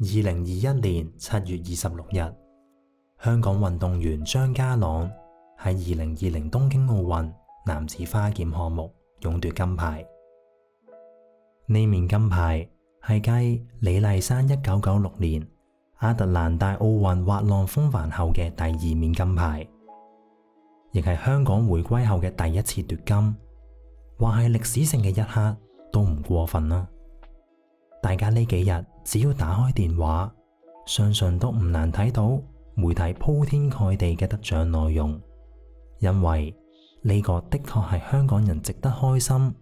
二零二一年七月二十六日，香港運動員張家朗喺二零二零東京奧運男子花劍項目勇奪金牌。呢面金牌係繼李麗珊一九九六年亞特蘭大奧運滑浪風帆後嘅第二面金牌，亦係香港回歸後嘅第一次奪金，話係歷史性嘅一刻都唔過分啦。大家呢幾日只要打開電話，相信都唔難睇到媒體鋪天蓋地嘅得獎內容，因為呢個的確係香港人值得開心、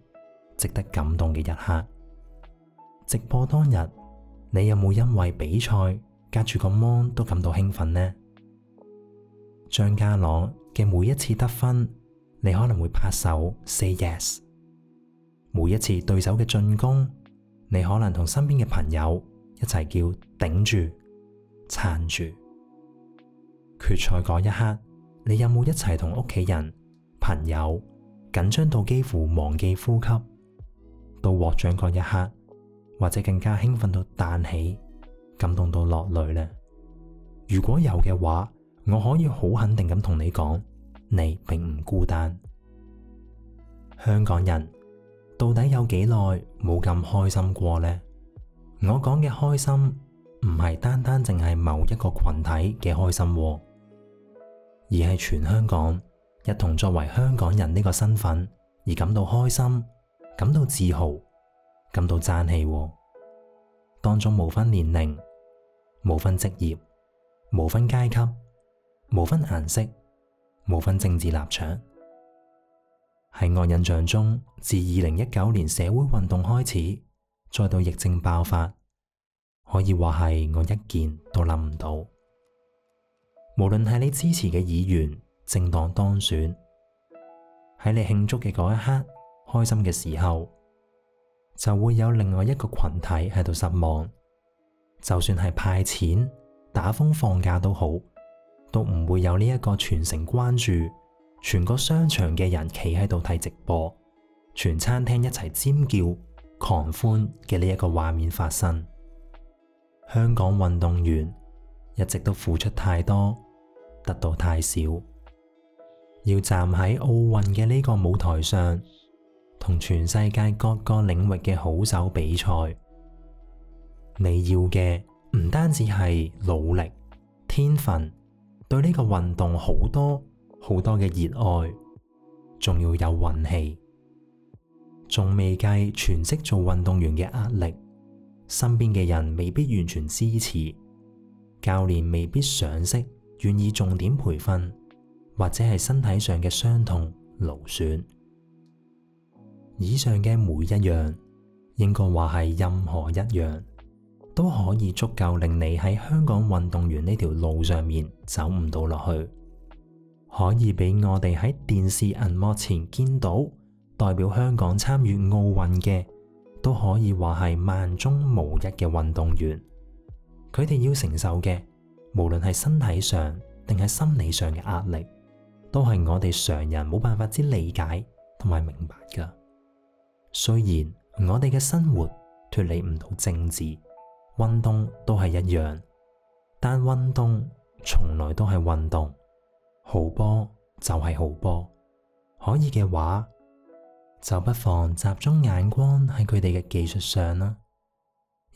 值得感動嘅一刻。直播當日，你有冇因為比賽隔住個 Mon 都感到興奮呢？張家朗嘅每一次得分，你可能會拍手 say yes；每一次對手嘅進攻，你可能同身邊嘅朋友一齊叫頂住、撐住。決賽嗰一刻，你有冇一齊同屋企人、朋友緊張到幾乎忘記呼吸？到獲獎嗰一刻，或者更加興奮到彈起、感動到落淚呢？如果有嘅話，我可以好肯定咁同你講，你並唔孤單，香港人。到底有幾耐冇咁開心過呢？我講嘅開心唔係單單淨係某一個群體嘅開心喎，而係全香港一同作為香港人呢個身份而感到開心、感到自豪、感到爭氣，當中無分年齡、無分職業、無分階級、無分顏色、無分政治立場。喺我印象中，自二零一九年社會運動開始，再到疫症爆發，可以話係我一件都諗唔到。無論係你支持嘅議員、政黨當，當選，喺你慶祝嘅嗰一刻、開心嘅時候，就會有另外一個群體喺度失望。就算係派錢、打風放假都好，都唔會有呢一個全城關注。全個商場嘅人企喺度睇直播，全餐廳一齊尖叫狂歡嘅呢一個畫面發生。香港運動員一直都付出太多，得到太少。要站喺奧運嘅呢個舞台上，同全世界各個領域嘅好手比賽，你要嘅唔單止係努力、天分，對呢個運動好多好多嘅熱愛，仲要有運氣，仲未計全職做運動員嘅壓力，身邊嘅人未必完全支持，教練未必賞識，願意重點培訓，或者係身體上嘅傷痛勞損。以上嘅每一樣，應該話係任何一樣，都可以足夠令你喺香港運動員呢條路上面走唔到落去。可以俾我哋喺電視銀幕前見到，代表香港參與奧運嘅，都可以話係萬中無一嘅運動員。佢哋要承受嘅，無論係身體上定係心理上嘅壓力，都係我哋常人冇辦法之理解同埋明白噶。雖然我哋嘅生活脱離唔到政治，運動都係一樣，但運動從來都係運動。好波就係好波，可以嘅話，就不妨集中眼光喺佢哋嘅技術上啦，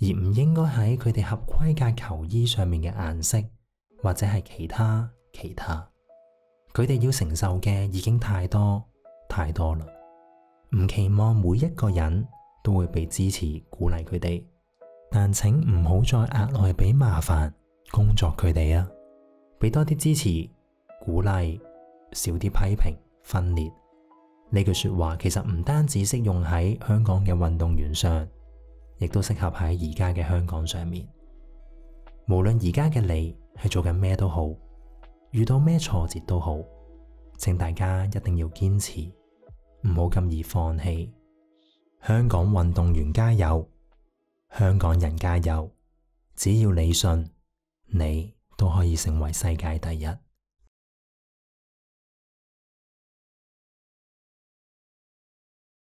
而唔應該喺佢哋合規格球衣上面嘅顏色或者係其他其他。佢哋要承受嘅已經太多太多啦，唔期望每一個人都會被支持鼓勵佢哋，但請唔好再額外俾麻煩工作佢哋啊，俾多啲支持。鼓勵少啲批評分裂，呢句說話，其實唔單止適用喺香港嘅運動員上，亦都適合喺而家嘅香港上面。無論而家嘅你係做緊咩都好，遇到咩挫折都好，請大家一定要堅持，唔好咁易放棄。香港運動員加油，香港人加油！只要你信，你都可以成為世界第一。